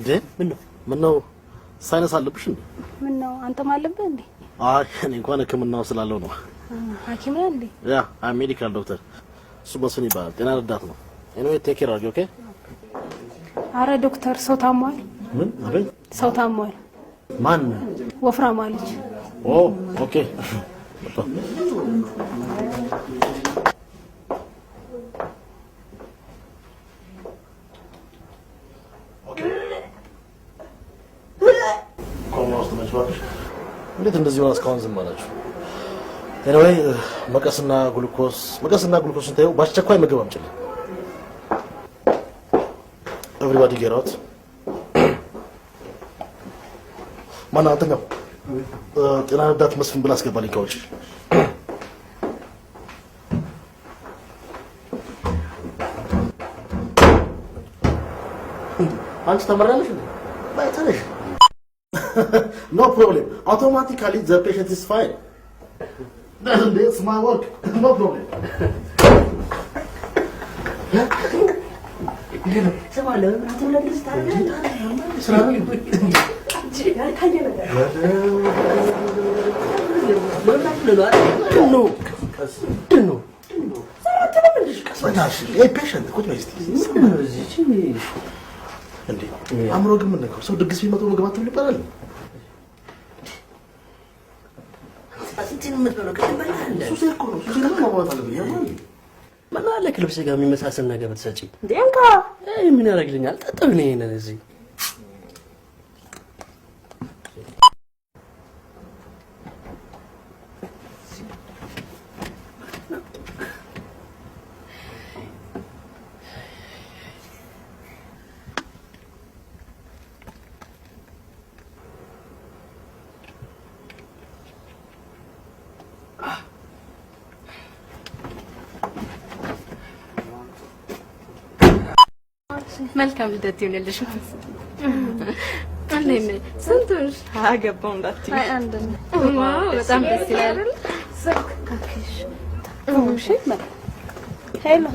እንዴ ምን ምነው ሳይነስ አለብሽ እንዴ? ምነው አንተም አለብህ እንዴ? አይ እኔ እንኳን ሕክምናው ስላለው ነው። ሐኪም ነህ እንዴ? ያ አይ ሜዲካል ዶክተር እሱ መስፍን ይባላል። ጤና ረዳት ነው። ኤኒዌይ ቴክ ኬር አድርጊ ኦኬ። አረ ዶክተር ሰው ታሟል። ምን አቤት? ሰው ታሟል። ማን? ወፍራም አለች። ኦ ኦኬ ችሏል። እንዴት እንደዚህ ሆነ? እስካሁን ዝም አላችሁ። ኤኒዌይ መቀስና ግሉኮስ መቀስና ግሉኮስን እንታየው። በአስቸኳይ ምግብ አምጪልኝ። ኤቭሪባዲ ጌት አውት። ማነው አንተኛው? ጤና ረዳት መስፍን ብላ አስገባልኝ ከውጭ አንቺ ተመራለሽ እንዴ? ባይተነሽ no problem. Automatically the patient is fine. That's my work. no problem. ነው ፔሽንት ቁጭ በይ እስኪ አእምሮ ግን ምን ነው ሰው ድግስ ቢመጡ ምግብ አትብሉ ይባላል ምን አለ ከልብስ ጋር የሚመሳሰል ነገር ብትሰጪ እንዴንካ ምን ያደርግልኛል? ጠጥብ ነው ይሄንን እዚህ መልካም ልደት ይሁንልሽ። ስንቱን አገባው እንዳትዪ። በጣም ደስ ይላል። ሄሎ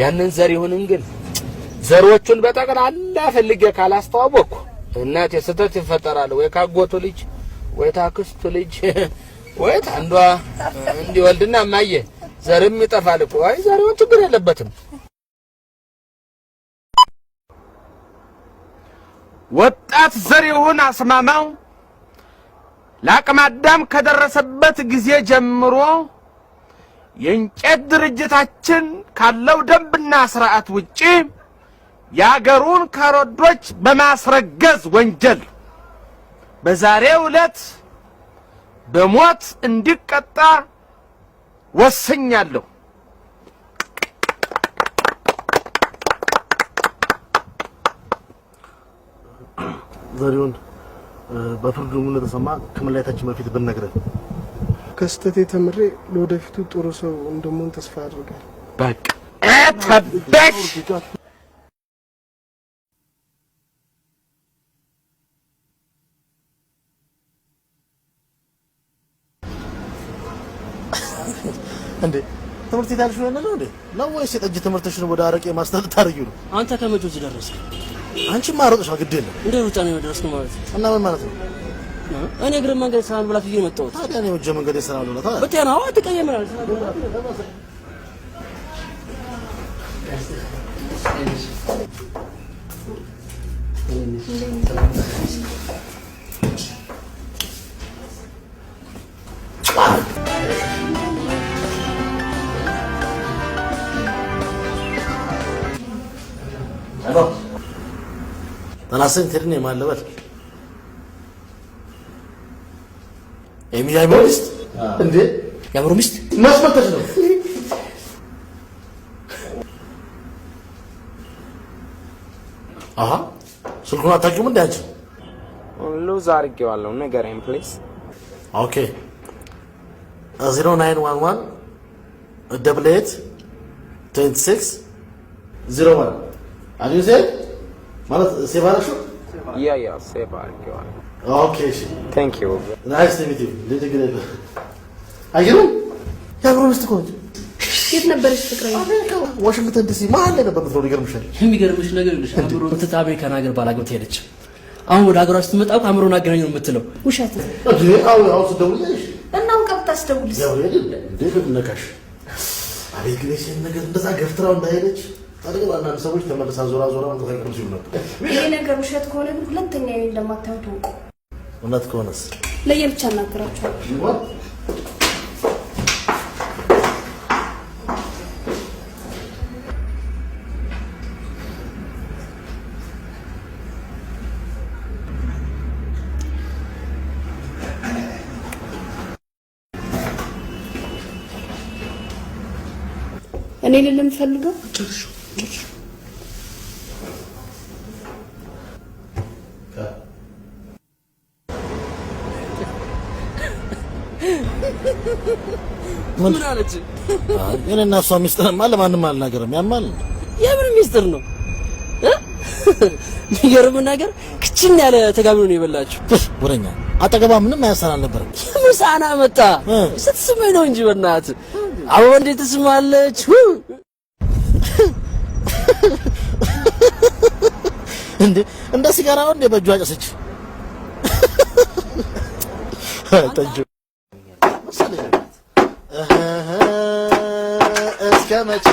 ያንን ዘር ይሁንን ግን ዘሮቹን በጠቅላላ ፈልጌ ካላስተዋወቅኩ እናቴ ስህተት ይፈጠራል ወይ ካጎቱ ልጅ ወይ ታክስቱ ልጅ ወይ አንዷ እንዲወልድና ማየ ዘርም ይጠፋል እኮ። አይ ዘሬውን ችግር የለበትም። ወጣት ዘሬውን አስማማው ለአቅመ አዳም ከደረሰበት ጊዜ ጀምሮ የእንጨት ድርጅታችን ካለው ደንብና ስርዓት ውጪ የአገሩን ከረዶች በማስረገዝ ወንጀል በዛሬ ዕለት በሞት እንዲቀጣ ወስኛለሁ። ዘሪሁን በፍርድ ምን ተሰማ ከመለያየታችን በፊት ብንነግረን ከስተት ተምሬ ለወደፊቱ ጥሩ ሰው እንደምሆን ተስፋ አድርጋል። በቃ እንዴ ትምህርት ቤት ያልሽው ነው እንዴ? ነው ወይስ የጠጅ ትምህርትሽን ወደ አረቄ ማስተር ታደርጊው ነው? አንተ ከመቼ እዚህ ደረሰ? አንቺ ማሮጥሽ ግድ የለም እንደ ሩጫ ነው የደረስነው ማለት እና ምን ማለት ነው? እኔ እግረ መንገድ ስራ ልብላ ብዬ ነው የመጣሁት። ታዲያ ነው እጅ መንገድ ስራ ብላ ታዲያ ብታይ ነው አትቀየምም። ተናስን ትድን የማለበት የሚገርመው ሚስት እንዴ! ያምሩ ሚስት ማስፈተሽ ነው። አሀ ስልኩን አታውቂውም እንዴ አንቺ? ሉዝ አድርጌዋለሁ። ንገረኝ ፕሊዝ። ኦኬ ዜሮ ናይን ዋን ዋን ደብል ኤት ትዌንቲ ሲክስ ዜሮ ዋን አዲሁ ሴ ማለት ሴቭ አደረግሽው? ያ ያ ሴቭ አድርጌዋለሁ። የት ነበረች ፍቅረኛ? ዋሽንግተን ዲሲ መሀል ላይ ነበር የምትኖረው። ይገርምሻል። የሚገርምሽ ነገር ይኸውልሽ፣ አምሮት አሜሪካን ሀገር ባላገብ ትሄደች። አሁን ወደ ሀገሯ ስትመጣ አእምሮን አገናኝ ነው የምትለው። ውሸት ነገር ሰዎች ተመልሳ ዞራ ዞራ ነገር ውሸት ከሆነ ሁለተኛ እንደማታየው እውነት ከሆነስ ለየብቻ እናገራቸዋለሁ። እኔ ልል የምፈልገው ምን አለች? እኔና እሷ ሚስጥርማ ለማንም አልናገርም። ያማል። የምን ሚስጥር ነው? የሚገርም ነገር ክችን ያለ ተጋቢኖ ነው የበላችሁ። ወረኛ አጠገቧ ምንም አያሰን አልነበረም። መጣ ስትስመኝ ነው እንጂ በእናትህ አበባ እንዴት ትስማለች? እንደ በእጇ ጨሰች። ሰሌልናት እስከ መቼ